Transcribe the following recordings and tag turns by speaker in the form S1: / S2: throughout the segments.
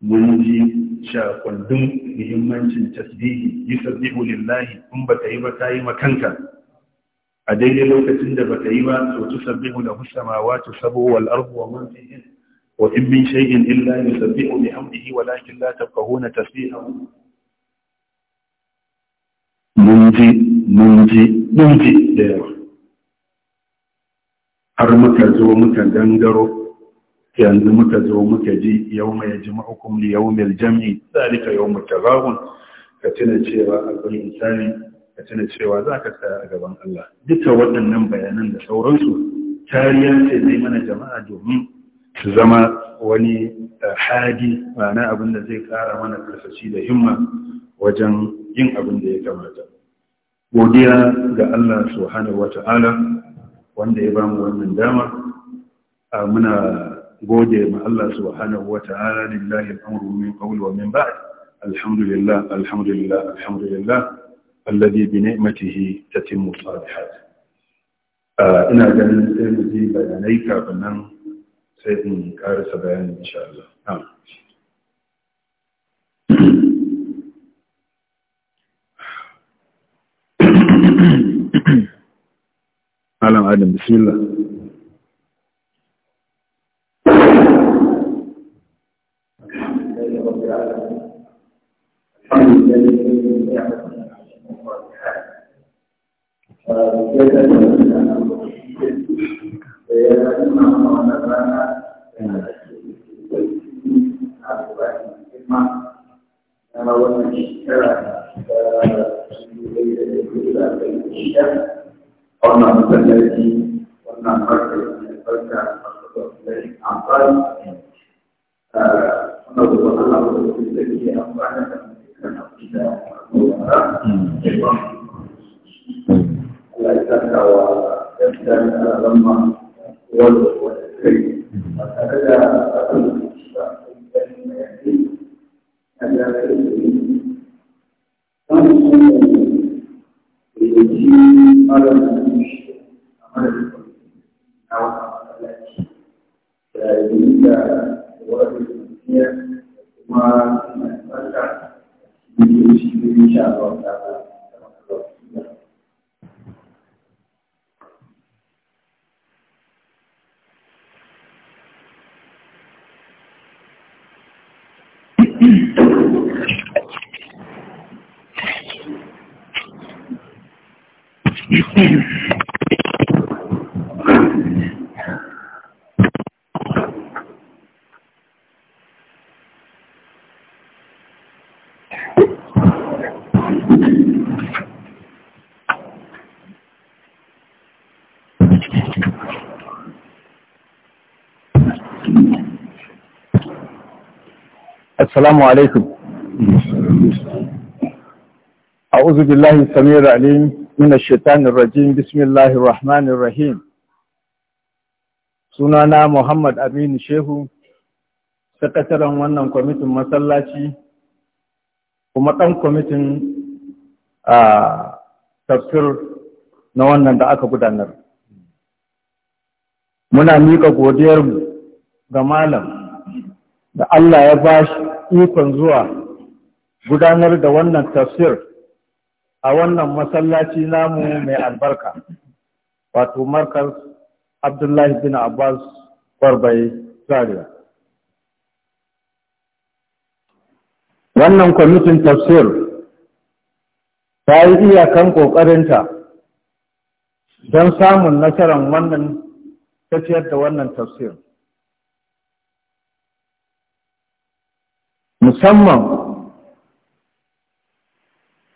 S1: mun ji shakundun muhimmancin tasbihi yi sabbihu lillahi in baka yi ba ta yi makanka a daidai lokacin da baka yi ba to tu sabbihu lahu samawati sabu wal ardu wa man fihin wa in min shay'in illa yusabbihu bihamdihi walakin la tafqahuna tasbihahu mun ji mun ji mun ji da yawa har muka zo muka gangaro yanzu muka zo muka ji yau mai jima'ukum li yau mai jami'i zalika yau mu tarawun ka tuna cewa akwai insani ka tuna cewa za ka tsaya a gaban Allah duka waɗannan bayanan da sauransu kariya ce zai mana jama'a domin su zama wani eh, hadi ma'ana abin da zai ƙara mana karsashi da himma wajen yin abin da ya kamata godiya ga Allah subhanahu wata'ala wanda ya bamu wannan dama ah, muna gode ma Allah subhanahu ta'ala lillahi al-amru min qabl wa min ba'd alhamdulillah alhamdulillah alhamdulillah alladhi bi ni'matihi tatimmu salihat ina ganin sai mu ji bayanai kafin nan sai in karasa bayani insha Allah Alam Adam, bismillah. العالمين الحمد لله نعمة الصالحات فبجد لنا ويعلمنا ونبانا وأن الشكر وأن الذي وأن البركة وأن البركة عن طريق أرجو الله الذي أنفعنا من أقصى الله يسلمك ويسلمك لما السلام alaikum. أعوذ بالله السميع العليم من الشيطان الرجيم بسم الله الرحمن rahim. sunana Muhammad Aminu Shehu, sakataren wannan kwamitin masallaci, kuma ɗan kwamitin a tafsir na wannan da aka gudanar. Muna miƙa godiyarmu ga malam da Allah ya bashi ikon zuwa gudanar da wannan tafsir a wannan masallaci namu mai albarka wato markar abdullahi bin abbas kwarbai zaria wannan kwamitin tafsir ta yi iyakan ƙoƙarinta don samun nasarar wannan tafiyar da wannan tafsir. musamman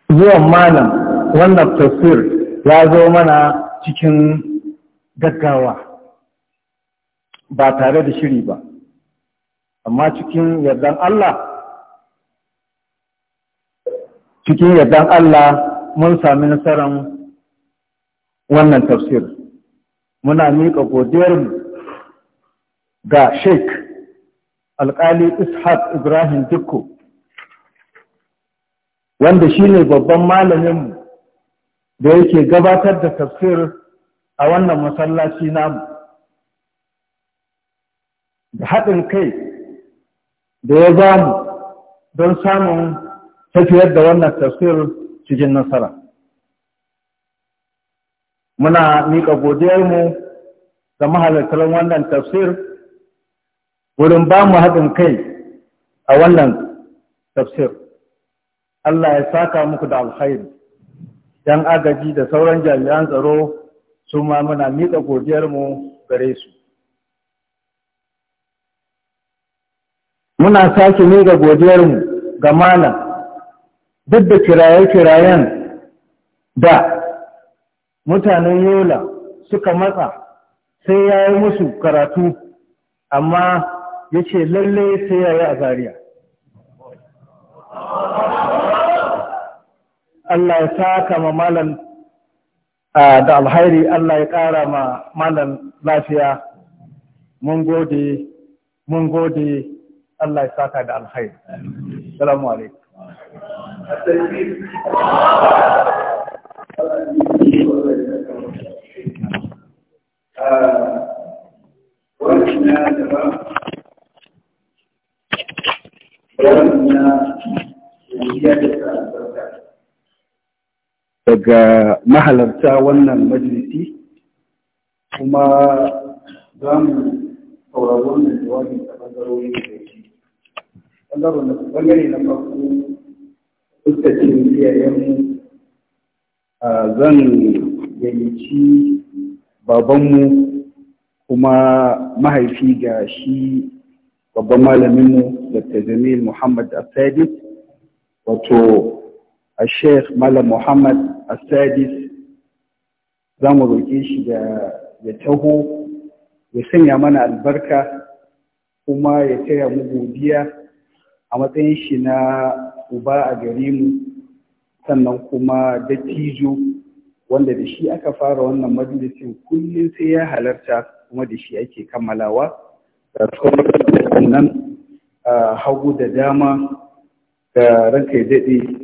S1: zuwan malam wannan tafsir ya zo mana cikin gaggawa ba tare da shiri ba amma cikin yardan Allah cikin yardan Allah mun sami nasaran wannan tafsir muna miƙa godiyarmu ga sheikh alƙali ishaq ibrahim dukko wanda shi ne babban malaminmu da yake gabatar da tafsir a wannan masallaci namu da haɗin kai da ya ba mu don samun tafiyar da wannan tafsir cikin nasara muna miƙa godiyarmu da mahalartar wannan tafsir wurin ba mu haɗin kai a wannan tafsir Allah ya saka muku da alkhairi yan agaji da sauran jami'an tsaro su ma muna miƙa godiyarmu gare su muna sake miƙa godiyarmu ga malam duk da kiraye-kirayen da mutanen yola suka matsa
S2: sai ya yi musu karatu amma ya ce lalle sai ya yi a zariya Allah ya saka ma malam
S1: da alhairi
S2: Allah ya ƙara ma malam
S1: lafiya mun gode mun gode Allah ya saka da alhairi salamu alaikum daga mahalarta wannan majalisi kuma za mu saurari wannan jawabin da ɓangarori da yake ɓangare na farko fuskacin iyayenmu zan gayyaci babanmu kuma mahaifi ga shi babban malaminmu da jamil muhammad asadi wato الشيخ مال محمد السادس zamu roƙe shi ya taho ya sanya mana albarka kuma ya taya mu godiya a matsayin shi na uba a gare mu sannan kuma dattijo wanda da shi aka fara wannan majalisin kullum sai ya halarta kuma da shi ake kammalawa da sauran nan hagu da dama da ranka ya daɗe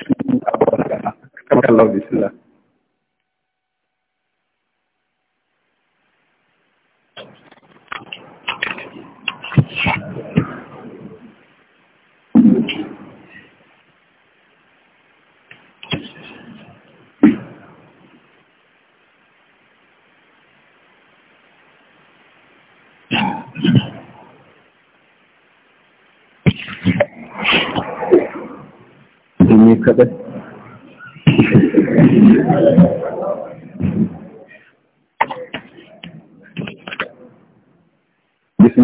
S1: بسم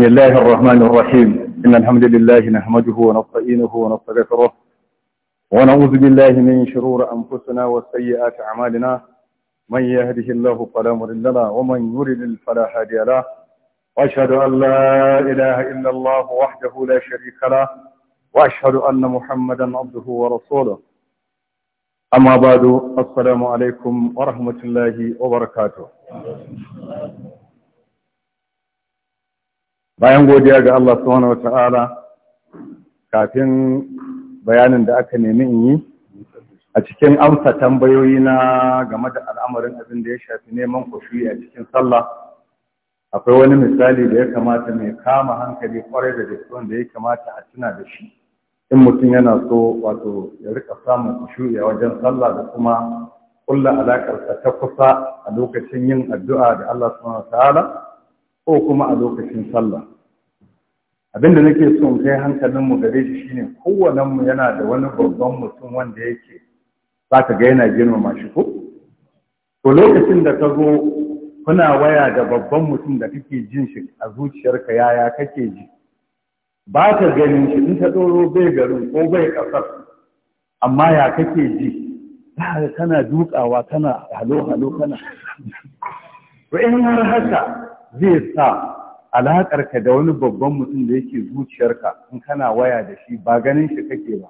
S1: الله الرحمن الرحيم إن الحمد لله نحمده ونستعينه ونستغفره ونعوذ بالله من شرور أنفسنا وسيئات أعمالنا من يهده الله فلا مضل له ومن يضلل فلا هادي له وأشهد أن لا إله إلا الله وحده لا شريك له وأشهد أن محمدا عبده ورسوله أما بعد السلام عليكم ورحمة الله وبركاته bayan godiya ga Allah subhanahu wata'ala kafin bayanin da aka nemi in yi a cikin amsa tambayoyi na game da al'amarin abin da ya shafi neman kushi a cikin sallah akwai wani misali da ya kamata mai kama hankali kwarai da gaske wanda ya kamata a tuna da shi in mutum yana so wato ya rika samun kushu a wajen sallah da kuma kulla alaƙarsa ta kusa a lokacin yin addu'a da Allah subhanahu ta'ala ko kuma a lokacin sallah abinda nake so in kai hankalin mu gare shi shine kowannen mu yana da wani babban mutum wanda yake zaka ga yana girmama shi ko to lokacin da ka zo kuna waya da babban mutum da kake jin shi a zuciyarka yaya kake ji ba ka ganin shi in ta tsoro bai garin ko bai ƙasar amma ya kake ji kana dukawa kana halo-halo kana to in har haka zai sa alaƙarka da wani babban mutum da yake zuciyarka in kana waya da shi ba ganin shi kake ba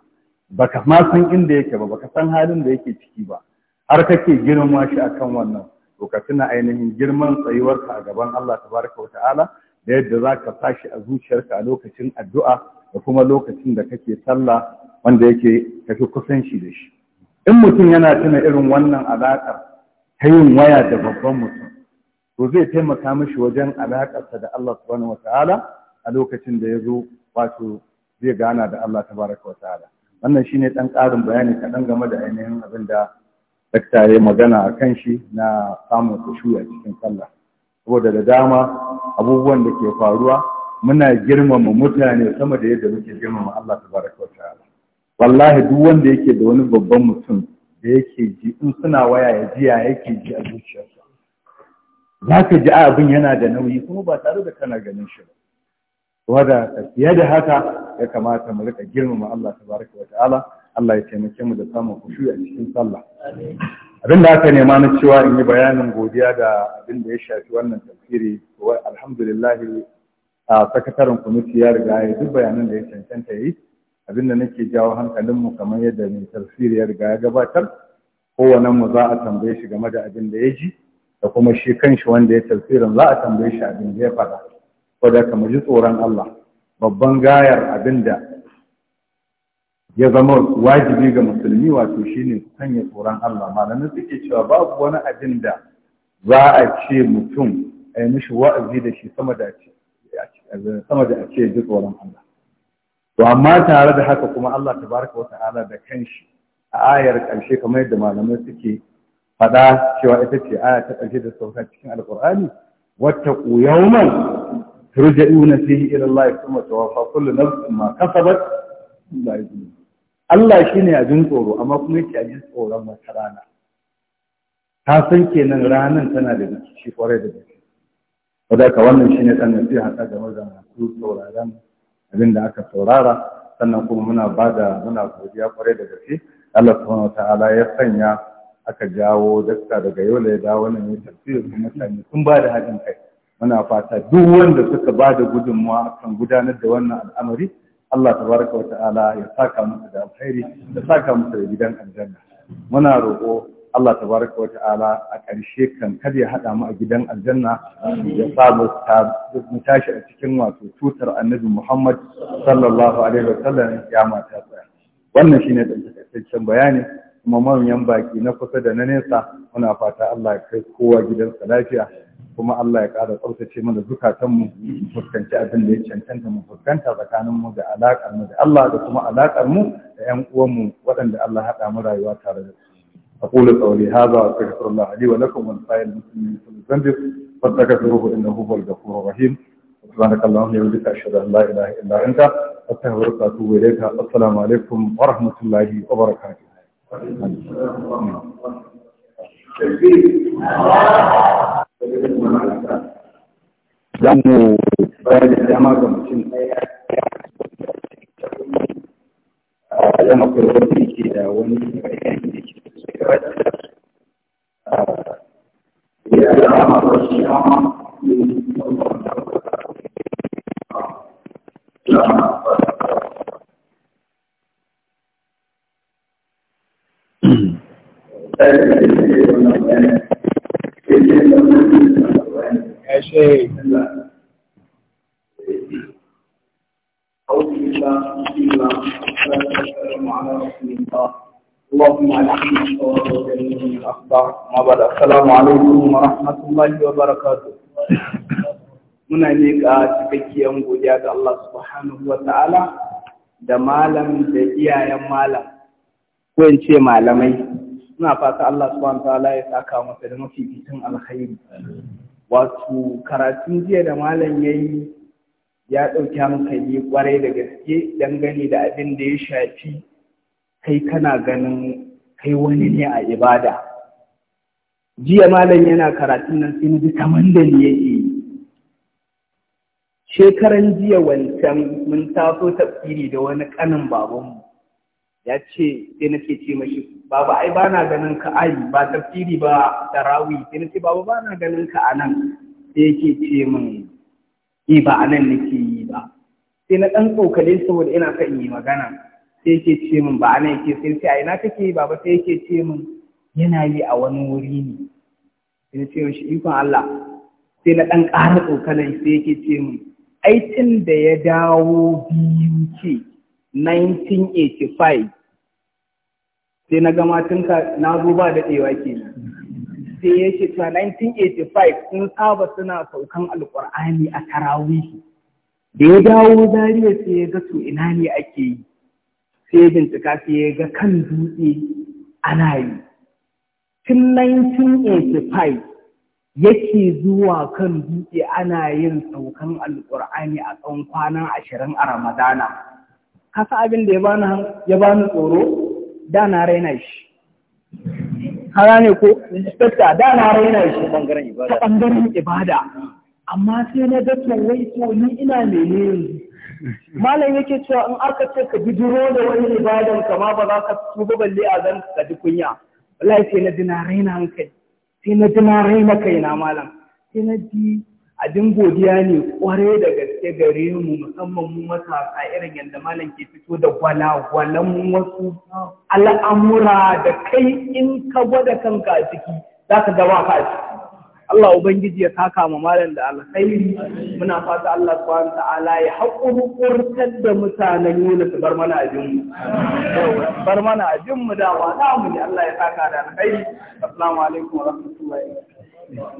S1: baka ma san inda yake ba baka san halin da yake ciki ba
S2: har kake girma shi
S1: akan wannan to ka tuna ainihin girman tsayuwarka a gaban Allah tabaraka wa ta'ala da yadda za ka tashi a zuciyarka a lokacin addu'a da kuma lokacin da kake sallah wanda yake kafi shi da shi in mutum yana tuna irin wannan alaƙar ta yin waya da babban mutum to zai taimaka mishi wajen alaƙarsa da Allah subhanahu ta'ala a lokacin da ya zo wato zai gana da Allah tabaraka ta'ala wannan shine dan ƙarin bayani kaɗan game da ainihin abin da dakta magana a kan shi na samun kushu a cikin sallah saboda da dama abubuwan da ke faruwa muna girmama mutane sama da yadda muke girmama Allah ta baraka wa ta'ala wallahi duk wanda yake da wani babban mutum da yake ji in suna waya ya jiya ya yake ji a zuciyarsa za ka ji abin yana da nauyi kuma ba tare da kana ganin shi ba wadda fiye da haka ya kamata mu rika girmama Allah ta tabaraka wa ta'ala Allah ya taimake mu da samun kushu a cikin sallah abin da aka nema na cewa in yi bayanin godiya da abin da ya shafi wannan tafsiri wai alhamdulillah a sakataren kwamiti ya riga ya duk bayanan da ya cancanta ya yi abin da nake jawo hankalin mu kamar yadda mai tafsiri ya riga ya gabatar kowannen mu za a tambaye shi game da abin da ya ji da kuma shi kan shi wanda ya tafsirin za a tambaye shi abin da ya faɗa ko da kama ji tsoron Allah babban gayar abin da ya zama wajibi ga musulmi wato shine sanya tsoron Allah malamai suke cewa babu wani abin da za a ce mutum a yi mishi wa'azi da shi sama da a ce ji tsoron Allah to amma tare da haka kuma Allah tabaraka wata'ala da kanshi a ayar ƙarshe kamar yadda malamai suke faɗa cewa ita ce aya ta ƙarshe da sauka cikin alƙur'ani wata yawman turja'una fihi ila Allah thumma tuwaffa kullu nafsin ma kasabat la yuzlamu Allah shi ne abin tsoro amma kuma yake abin tsoron wata rana ta san kenan ranar tana da rikici kwarai da
S2: gaske ka wannan shi ne ɗan
S1: nasi ta game da masu sauraron abin da aka saurara sannan kuma muna ba da muna godiya kwarai da gaske Allah subhanahu ta'ala ya sanya aka jawo dakta daga yau da ya dawo wannan ya da kuma mutane sun ba da haɗin kai muna fata duk wanda suka ba da gudunmawa akan gudanar da wannan al'amari Allah tabaraka wa ta'ala ya saka musu da alkhairi ya saka musu da gidan aljanna muna roƙo Allah tabaraka wa ta'ala a ƙarshe kan kada ya haɗa mu a gidan aljanna ya samu mu tashi a cikin wato tutar annabi Muhammad sallallahu alaihi wa sallam ya mata tsaya wannan shine dan takaitaccen bayani kuma manyan baki na kusa da na nesa muna fata Allah ya kai kowa gidansa lafiya kuma Allah ya ƙara tsautace mana zukatanmu mu fuskanci abin da ya cancanta mu fuskanta tsakaninmu da alaƙar da Allah da kuma alaƙar mu da ƴan uwanmu waɗanda Allah haɗa mu rayuwa tare da su. أقول قولي هذا وأستغفر الله لي ولكم ونفعي المسلمين كل ذنب فاستغفروه إنه هو الغفور الرحيم سبحانك اللهم وبحمدك أشهد أن لا إله إلا أنت za mu bayar da dama ga mutum ɗaya yana kurwa da ke da wani bayani da ke da ya ba shi Thank you. شيخ
S2: اللهم على حمد وجميع الاخبار ما بعد السلام عليكم ورحمه الله وبركاته muna miƙa cikakkiyar godiya ga Allah subhanahu wa ta'ala da malam da iyayen malam ko in ce malamai suna fata Allah subhanahu wa ta'ala ya saka masa da mafificin alkhairi wato karatu jiya da malam ya yi ya ɗauki hankali kwarai da gaske dangane da abin da ya shafi kai kana ganin kai wani ne a ibada jiya malam yana karatun nan sai ji kaman da ni yake shekaran jiya wancan mun taso tafsiri da wani kanin babanmu ya ce sai nake ce mashi baba ai ba na ganin ka ai ba tafsiri ba tarawi sai nake baba ba na ganin ka anan sai yake ce min yi e, ba anan nake yi ba sai na dan tsokale saboda ina son yi magana sai yake ce min ba anan yake sai sai ai na kake yi baba sai yake ce min yana yi a wani wuri ne sai nace mishi ikon Allah sai na dan ƙara tsokalan sai yake ce min aitin da ya dawo biyu ce 1985 sai na gama tun ka na zo ba daɗewa ke sai ya ce ta 1985 sun saba suna saukan alƙur'ani a tarawih da ya dawo zariya sai ya ga su ina ne ake yi sai ya bincika sai ya ga kan dutse ana yi tun 1985 yake zuwa kan dutse ana yin saukan alƙur'ani a tsawon kwanan ashirin a ramadana kasa abin da ya bani tsoro da na raina shi hara ne ko inspector da na raina shi ta ɓangaren ibada amma sai na ga wai to ni ina mene yanzu malam yake cewa in aka ce ka bijiro da wani ibadan ka ma ba za ka tuba balle a zan ka ji kunya wallahi sai na dina raina hankali sai na dina raina na, malam sai na ji abin godiya ne kwarai da gaske gare mu musamman mu matasa irin yadda malam ke fito da gwalagwalan wasu al'amura da kai in ka gwada kanka a ciki za ka gaba ka ciki Allah Ubangiji ya saka ma malam da alkhairi muna fata Allah subhanahu ta'ala ya haƙurƙurtar da mutanen su bar mana abin mu bar mana abin mu da wa mu ne, Allah ya saka da alkhairi assalamu alaikum wa rahmatullahi Allah ya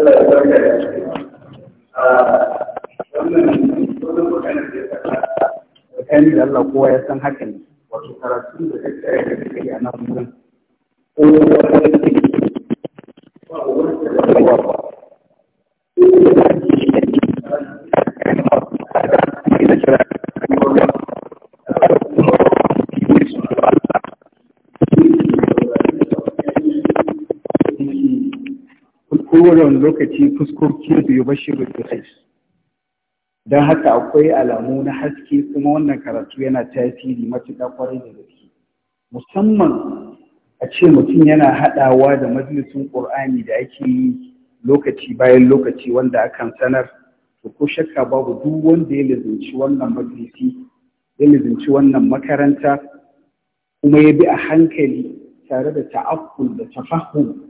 S1: barka da shi. Wannan wani magana da ya faɗa
S2: tsakani da kowa ya san haka ne wato karatu da tattare da take a nan wurin kowa ya san ba wani da kowane
S1: lokaci fuskoki da yi bashi da
S2: don haka akwai alamu na haske kuma wannan karatu yana tasiri matuƙa kwarai da gaske musamman a ce mutum yana haɗawa da majalisun ƙur'ani da ake yi lokaci bayan lokaci wanda akan sanar to ko shakka
S1: babu duk wanda ya lizinci wannan majalisi ya lizinci wannan makaranta
S2: kuma ya bi a hankali tare da ta'akkul da tafahum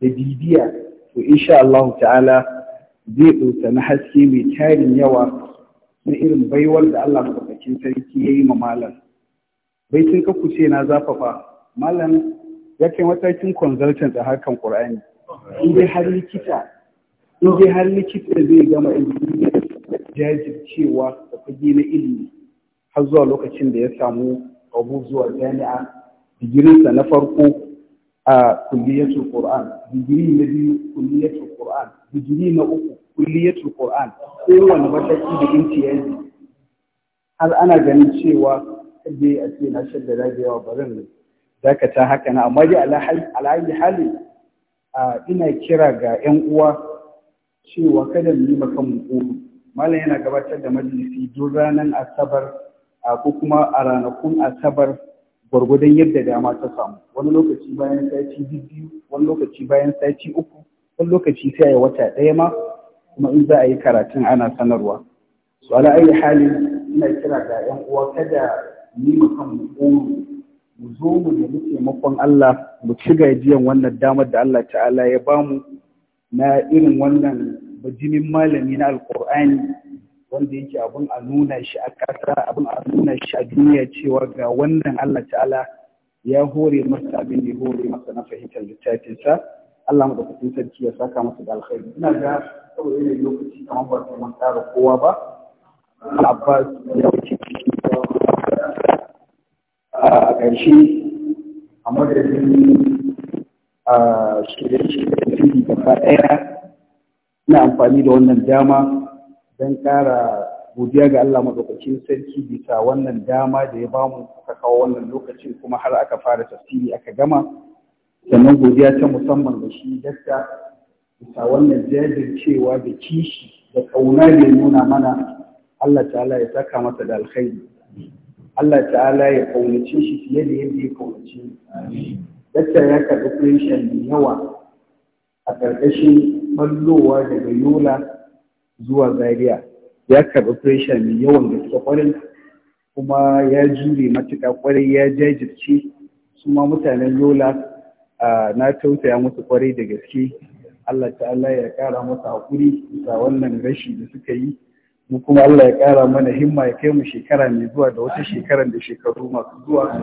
S2: da bibiya to insha Allah ta'ala zai ɗauka na haske mai tarin yawa na irin baiwar da Allah maɗaukakin sarki ya yi ma malam bai sun ka kuce na
S1: zafafa malam ya kai matakin consultant a harkan ƙur'ani in dai har likita in har likita zai gama ilimi jajircewa da fage na ilimi har zuwa lokacin da ya samu abu zuwa jami'a digirinsa na farko a kulliyatul Qur'an digiri na biyu kulliyatul Qur'an digiri na uku kulliyatul Qur'an kowane mataki da inci ya
S2: har ana ganin cewa kaje a ce na shadda dagewa barin dakata haka na amma dai alhaji hali ina kira ga 'yan uwa cewa kada mu yi maka mu malam
S1: yana gabatar da majalisi duk ranar asabar ko kuma a ranakun asabar
S2: gwargwadon yadda dama ta samu wani lokaci bayan sati biyu wani lokaci bayan sati uku wani lokaci sai a wata ɗaya ma kuma in za a yi karatun ana sanarwa su ala ayi hali ina kira ga yan uwa kada ni mu kan mu ƙoro mu zo mu nemi taimakon Allah mu ci gajiyan wannan damar da Allah ta'ala ya bamu na irin wannan bajinin malami na Alkur'ani. wanda yake abin a nuna shi a ƙasa abin a nuna shi a duniya cewa ga wannan Allah ta'ala ya hore masa abin da ya hore masa na fahimtar littafinsa Allah madaukakin sarki ya saka masa da alkhairi ina
S1: ga saboda yanayin lokaci kamar ba su man tsara kowa ba Abbas ya wuce
S2: a ƙarshe a madadin shirye-shiryen da ɗaya na amfani da wannan dama don
S1: ƙara godiya ga Allah maɗaukakin sarki bisa wannan dama da ya bamu aka kawo wannan lokacin kuma har aka fara tafsiri aka gama sannan godiya ta musamman ga shi dakta bisa wannan jajircewa da kishi da ƙauna da ya nuna mana
S2: Allah ta'ala ya saka masa da alkhairi Allah ta'ala ya kaunace shi fiye da yadda ya kaunace ni dakta ya karɓi kuɗin shan yawa a ƙarƙashin ɓallowa daga yola zuwa Zaria
S1: ya karɓi fresha mai yawan gaske kwarai kuma ya jure matuƙa kwarai ya jajirce su ma mutanen Yola na tausaya musu kwarai da gaske Allah ta'ala ya ƙara masa haƙuri bisa wannan rashi da suka yi mu kuma Allah ya ƙara mana himma ya kai mu shekara mai zuwa da wata shekarar da shekaru masu zuwa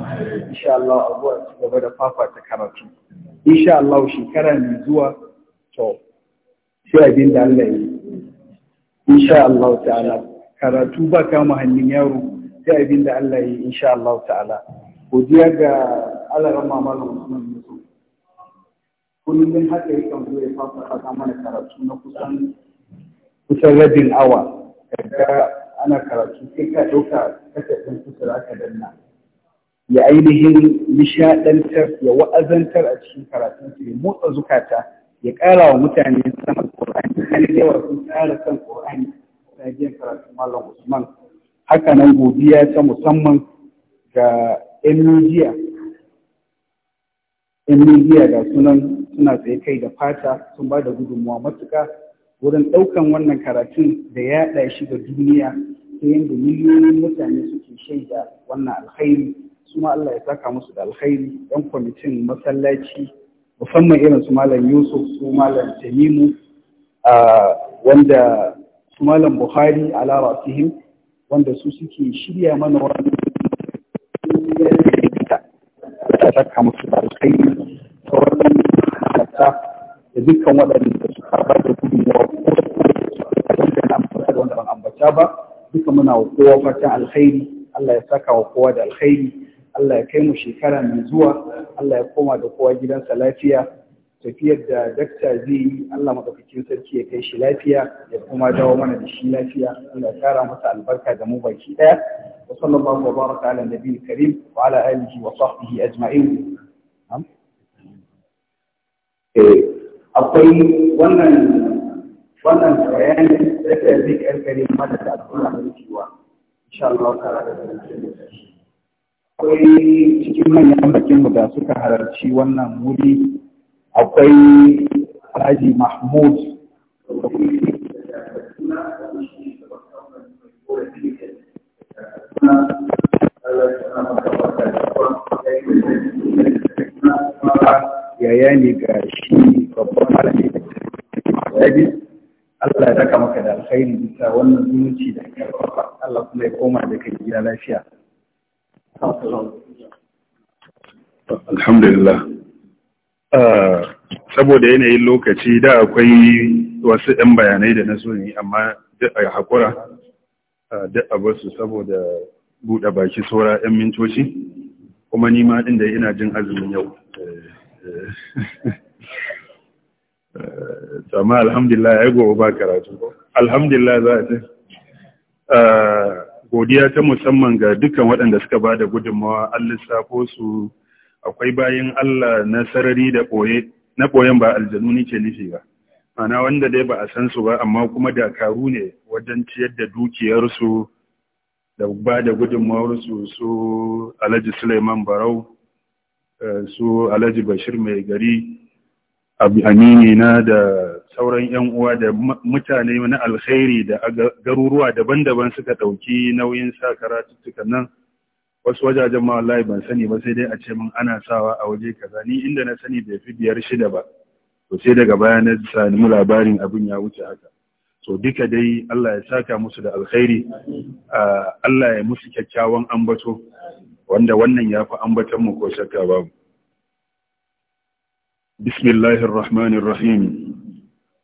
S2: insha Allah a zuwa ci gaba da fafata karatu insha Allah shekara mai zuwa to sai abin da Allah ya yi insha Allah ta'ala
S1: karatu ba kama hannun yaro sai abin da Allah yi insha Allah ta'ala godiya ga alaran mamala Usman kullum haka yakan zo ya fasa fasa mana karatu na kusan kusan rabin awa daga ana karatu sai ka ɗauka kasafin kusur aka danna ya ainihin nishaɗantar ya wa'azantar a cikin karatun su ya motsa zukata ya kara wa mutane sama Qur'ani sun Qur'ani Malam Usman haka nan godiya ta musamman ga ‘yan midiya ga sunan suna tsaye kai da fata sun ba da gudunmuwa matuka wurin ɗaukan wannan karatun da yaɗa shi ga duniya ta yadda miliyoyin mutane suke shaida wannan alkhairi su ma Allah ya saka musu da alkhairi Yan kwamitin masallaci musamman irin su malam Yusuf su malam Tamimu wanda su malam buhari Alawa rasihim wanda su suke shirya mana wani ta saka musu da alkhairi sauran halatta da dukkan waɗanda su ba da gudunmawa ko da na ambata da wanda ban ambata
S2: ba duka muna wa kowa fatan alkhairi Allah ya saka wa kowa da alkhairi Allah ya kai mu shekara mai zuwa Allah ya koma da kowa gidansa lafiya tafiyar da
S1: dakta zai yi Allah madaukakin sarki ya kai shi lafiya ya kuma dawo mana da shi lafiya Allah ya kara masa albarka da mu baki daya wa sallallahu wa baraka ala nabiyil karim wa ala alihi wa sahbihi ajma'in eh, akwai wannan wannan bayani da ta zai karkare mana da alƙur'ani da cewa insha Allah ta rada da akwai cikin manyan bakin da suka halarci wannan wuri akwai alhaji mahmud yaya ne ga shi babban malami Allah ya saka maka da alkhairi bisa wannan zumunci da ka Allah kuma ya koma da kai gida lafiya. Alhamdulillah. Eh, saboda yanayin lokaci da akwai wasu 'yan bayanai da na so ne amma duk a haƙura eh, duk a basu saboda buɗe baki saura 'yan mintoci kuma nima ɗin da ina jin azumin yau eh, amma alhamdulillah ya gobe ba karatu alhamdulillah za a ce godiya ta musamman ga dukkan waɗanda suka ba da gudunmawa allisa ko su akwai bayan Allah na sarari da ɓoye na ɓoyen ba aljanu ke nufi ba ana wanda dai ba a san su ba amma kuma dakaru ne wajen ciyar da dukiyarsu da ba da gudunmawarsu su alhaji suleiman barau eh, su alhaji bashir mai gari amini na da sauran 'yan uwa da mutane na alkhairi da garuruwa daban-daban suka ɗauki nauyin sa karatuttukan nan wasu wajajen ma wallahi ban sani ba sai dai a ce min ana sawa a waje kaza ni inda na sani bai fi biyar shida ba to sai daga baya na sami labarin abin ya wuce haka to duka dai Allah ya saka musu da alkhairi Allah ya musu kyakkyawan ambato wanda wannan ya fi ambaton mu ko shakka babu bismillahir rahmanir rahim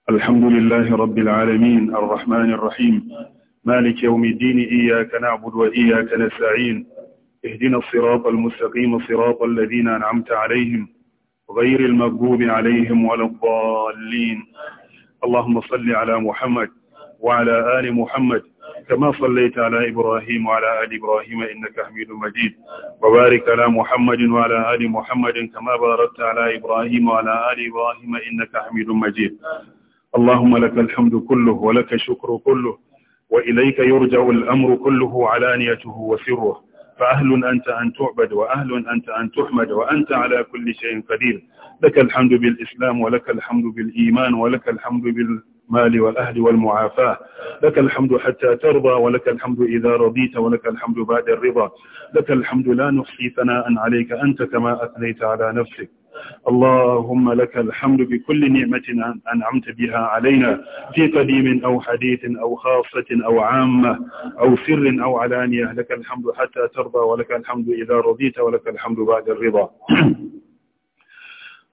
S1: alhamdulillahi rabbil alamin arrahmanir rahim مالك يوم الدين إياك نعبد وإياك نستعين اهدنا الصراط المستقيم صراط الذين أنعمت عليهم غير المغضوب عليهم ولا الضالين اللهم صل على محمد وعلى آل محمد كما صليت على إبراهيم وعلى آل إبراهيم إنك حميد مجيد وبارك على محمد وعلى آل محمد كما باركت على إبراهيم وعلى آل إبراهيم إنك حميد مجيد اللهم لك الحمد كله ولك الشكر كله وإليك يرجع الأمر كله علانيته وسره فأهل أنت أن تعبد وأهل أنت أن تحمد وأنت على كل شيء قدير لك الحمد بالإسلام ولك الحمد بالإيمان ولك الحمد بالمال والأهل والمعافاة لك الحمد حتى ترضى ولك الحمد إذا رضيت ولك الحمد بعد الرضا لك الحمد لا نحصي ثناء عليك أنت كما أثنيت على نفسك اللهم لك الحمد بكل نعمة أنعمت بها علينا في قديم أو حديث أو خاصة أو عامة أو سر أو علانية لك الحمد حتى ترضى ولك الحمد إذا رضيت ولك الحمد بعد الرضا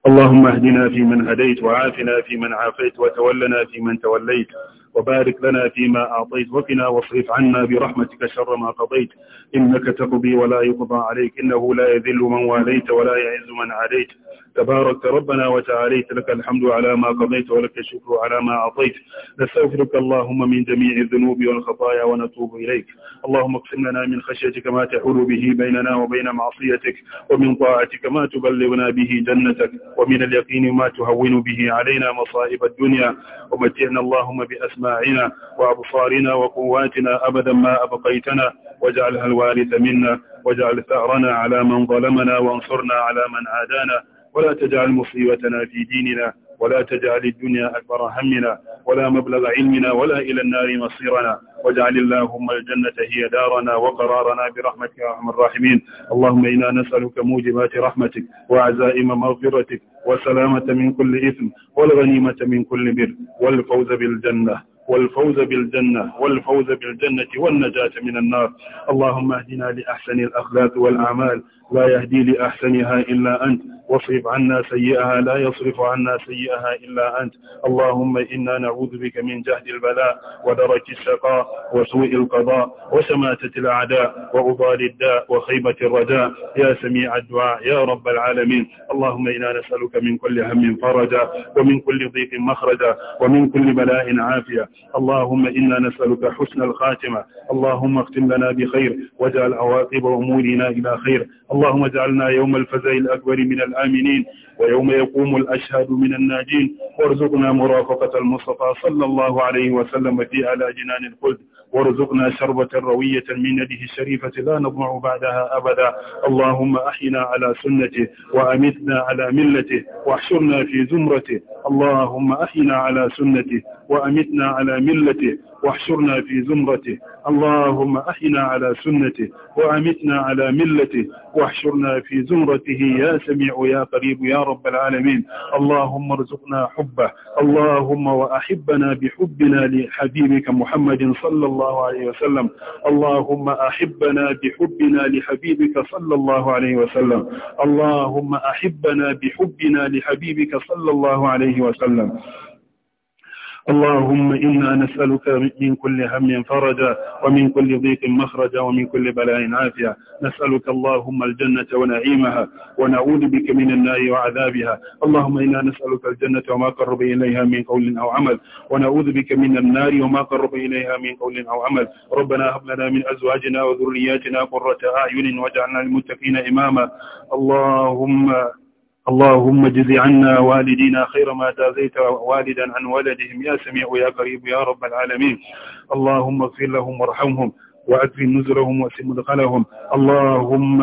S1: اللهم اهدنا فيمن هديت وعافنا فيمن عافيت وتولنا فيمن توليت وبارك لنا فيما أعطيت وقنا واصرف عنا برحمتك شر ما قضيت إنك تقضي ولا يقضى عليك إنه لا يذل من واليت ولا يعز من عليت تبارك ربنا وتعاليت لك الحمد على ما قضيت ولك الشكر على ما أعطيت نستغفرك اللهم من جميع الذنوب والخطايا ونتوب إليك اللهم اقسم لنا من خشيتك ما تحول به بيننا وبين معصيتك ومن طاعتك ما تبلغنا به جنتك ومن اليقين ما تهون به علينا مصائب الدنيا ومتعنا اللهم بأسماعنا وأبصارنا وقواتنا أبدا ما أبقيتنا واجعلها الوارث منا واجعل ثأرنا على من ظلمنا وانصرنا على من عادانا ولا تجعل مصيبتنا في ديننا ولا تجعل الدنيا أكبر همنا ولا مبلغ علمنا ولا إلى النار مصيرنا واجعل اللهم الجنة هي دارنا وقرارنا برحمتك يا أرحم الراحمين اللهم إنا نسألك موجبات رحمتك وعزائم مغفرتك وسلامة من كل إثم والغنيمة من كل بر والفوز بالجنة والفوز بالجنة والفوز بالجنة والنجاة من النار اللهم اهدنا لأحسن الأخلاق والأعمال لا يهدي لأحسنها إلا أنت واصرف عنا سيئها لا يصرف عنا سيئها إلا أنت اللهم إنا نعوذ بك من جهد البلاء ودرك الشقاء وسوء القضاء وشماتة الأعداء وغضال الداء وخيبة الرجاء يا سميع الدعاء يا رب العالمين اللهم إنا نسألك من كل هم فرجا ومن كل ضيق مخرجا ومن كل بلاء عافية اللهم إنا نسألك حسن الخاتمة اللهم اختم لنا بخير واجعل عواقب أمورنا إلى خير اللهم اجعلنا يوم الفزع الأكبر من الأكبر الآمنين ويوم يقوم الأشهد من الناجين وارزقنا مرافقة المصطفى صلى الله عليه وسلم في على جنان الخلد وارزقنا شربة روية من يده الشريفة لا نضمع بعدها أبدا اللهم أحينا على سنته وأمتنا على ملته واحشرنا في زمرته اللهم أحينا على سنته وأمتنا على ملته واحشرنا في زمرته اللهم أحنا على سنته وأمتنا على ملته واحشرنا في زمرته يا سميع يا قريب يا رب العالمين اللهم ارزقنا حبه اللهم وأحبنا بحبنا لحبيبك محمد صلى الله عليه وسلم اللهم أحبنا بحبنا لحبيبك صلى الله عليه وسلم اللهم أحبنا بحبنا لحبيبك صلى الله عليه وسلم اللهم إنا نسألك من كل هم فرجا ومن كل ضيق مخرجا ومن كل بلاء عافية نسألك اللهم الجنة ونعيمها ونعوذ بك من النار وعذابها اللهم إنا نسألك الجنة وما قرب إليها من قول أو عمل ونعوذ بك من النار وما قرب إليها من قول أو عمل ربنا هب لنا من أزواجنا وذرياتنا قرة أعين واجعلنا للمتقين إماما اللهم اللهم اجز عنا والدينا خير ما جازيت والدا عن ولدهم يا سميع يا قريب يا رب العالمين اللهم اغفر لهم وارحمهم وأدفن نزلهم واسم مدخلهم اللهم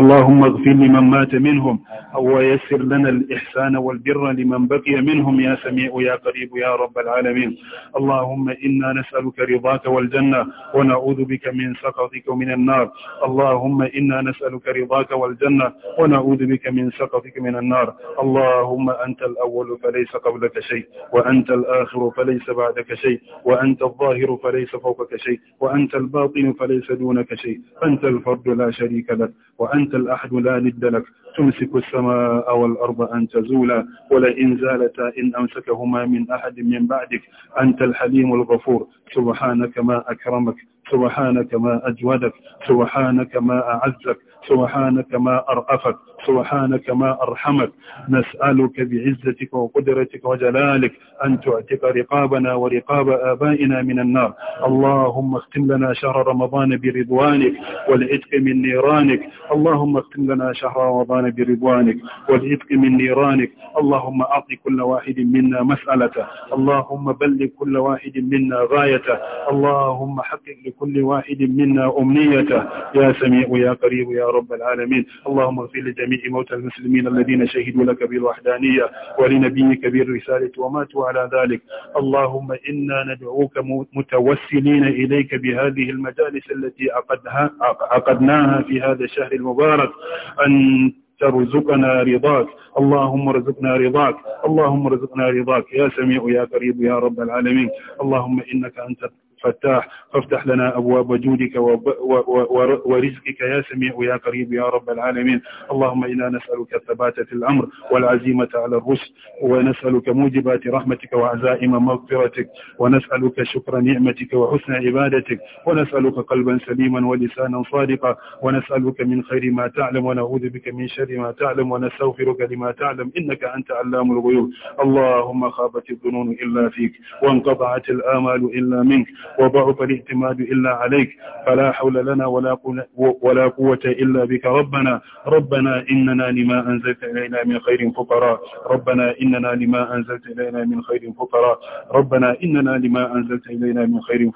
S1: اللهم اغفر لمن مات منهم ويسر لنا الإحسان والبر لمن بقي منهم يا سميع يا قريب يا رب العالمين اللهم إنا نسألك رضاك والجنة ونعوذ بك من سخطك ومن النار اللهم إنا نسألك رضاك والجنة ونعوذ بك من سخطك من النار اللهم أنت الأول فليس قبلك شيء وأنت الآخر فليس بعدك شيء وأنت الظاهر فليس فوقك شيء وأنت الباطن فليس دونك شيء أنت الفرد لا شريك لك وأنت أنت الأحد لا ند لك تمسك السماء والأرض أن تزولا ولئن زالتا إن أمسكهما من أحد من بعدك أنت الحليم الغفور سبحانك ما أكرمك سبحانك ما أجودك سبحانك ما أعزك سبحانك ما أرأفك سبحانك ما أرحمك نسألك بعزتك وقدرتك وجلالك أن تعتق رقابنا ورقاب آبائنا من النار اللهم اختم لنا شهر رمضان برضوانك والعتق من نيرانك اللهم اختم لنا شهر رمضان برضوانك والعتق من نيرانك اللهم أعط كل واحد منا مسألته اللهم بلغ كل واحد منا غايته اللهم حقق لكل واحد منا أمنيته يا سميع يا قريب يا رب العالمين اللهم اغفر لجميع جميع موتى المسلمين الذين شهدوا لك بالوحدانية ولنبيك بالرسالة وماتوا على ذلك اللهم إنا ندعوك متوسلين إليك بهذه المجالس التي عقدها عقدناها في هذا الشهر المبارك أن ترزقنا رضاك اللهم ارزقنا رضاك اللهم ارزقنا رضاك يا سميع يا قريب يا رب العالمين اللهم إنك أنت فتاح فافتح لنا أبواب جودك ورزقك يا سميع يا قريب يا رب العالمين اللهم إنا نسألك الثبات في الأمر والعزيمة على الرشد ونسألك موجبات رحمتك وعزائم مغفرتك ونسألك شكر نعمتك وحسن عبادتك ونسألك قلبا سليما ولسانا صادقا ونسألك من خير ما تعلم ونعوذ بك من شر ما تعلم ونستغفرك لما تعلم إنك أنت علام الغيوب اللهم خابت الظنون إلا فيك وانقطعت الآمال إلا منك وضعف الاعتماد إلا عليك فلا حول لنا ولا ولا قوة إلا بك ربنا ربنا إننا لما أنزلت إلينا من خير فقراء ربنا إننا لما أنزلت إلينا من خير فقراء ربنا إننا لما أنزلت إلينا من خير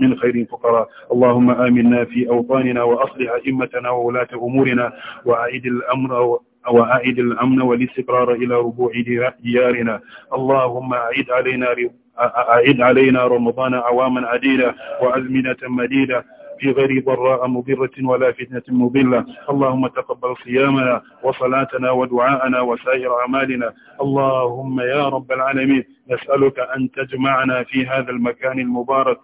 S1: من خير فقراء اللهم آمنا في أوطاننا وأصلح أئمتنا وولاة أمورنا وأعد الأمر وأعد الأمن والاستقرار إلى ربوع ديارنا اللهم أعد علينا أعد علينا رمضان عواما عديدة وأزمنة مديدة في غير ضراء مضرة ولا فتنة مضلة اللهم تقبل صيامنا وصلاتنا ودعاءنا وسائر أعمالنا اللهم يا رب العالمين نسألك أن تجمعنا في هذا المكان المبارك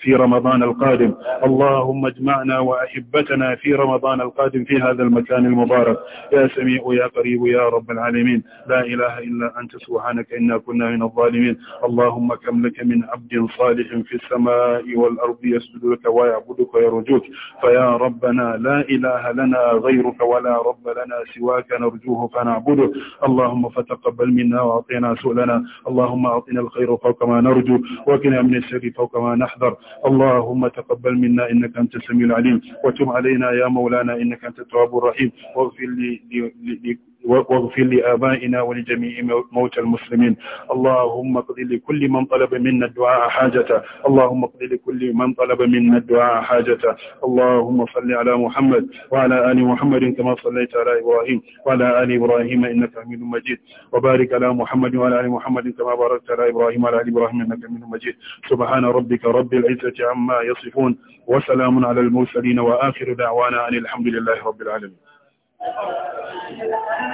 S1: في رمضان القادم اللهم اجمعنا وأحبتنا في رمضان القادم في هذا المكان المبارك يا سميع يا قريب يا رب العالمين لا إله إلا أنت سبحانك إنا كنا من الظالمين اللهم كم لك من عبد صالح في السماء والأرض يسجد لك ويعبدك ويرجوك فيا ربنا لا إله لنا غيرك ولا رب لنا سواك نرجوه فنعبده اللهم فتقبل منا وأعطينا سؤلنا اللهم أعطنا الخير فوق ما نرجو وقنا من الشر فوق ما نحذر اللهم تقبل منا إنك أنت السميع العليم وتم علينا يا مولانا إنك أنت التواب الرحيم واغفر لي, لي, لي واغفر لآبائنا ولجميع موتى المسلمين اللهم اقض لكل من طلب منا الدعاء حاجته اللهم اقض لكل من طلب منا الدعاء حاجته اللهم صل على محمد وعلى آل محمد كما صليت على إبراهيم وعلى آل إبراهيم إنك حميد مجيد وبارك على محمد وعلى آل محمد كما باركت على إبراهيم وعلى آل إبراهيم إنك حميد مجيد سبحان ربك رب العزة عما يصفون وسلام على المرسلين وآخر دعوانا أن الحمد لله رب العالمين